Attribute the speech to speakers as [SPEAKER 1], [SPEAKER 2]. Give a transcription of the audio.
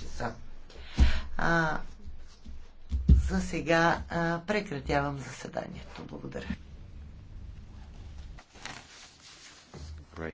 [SPEAKER 1] часа. А, за сега а,
[SPEAKER 2] прекратявам заседанието. Благодаря.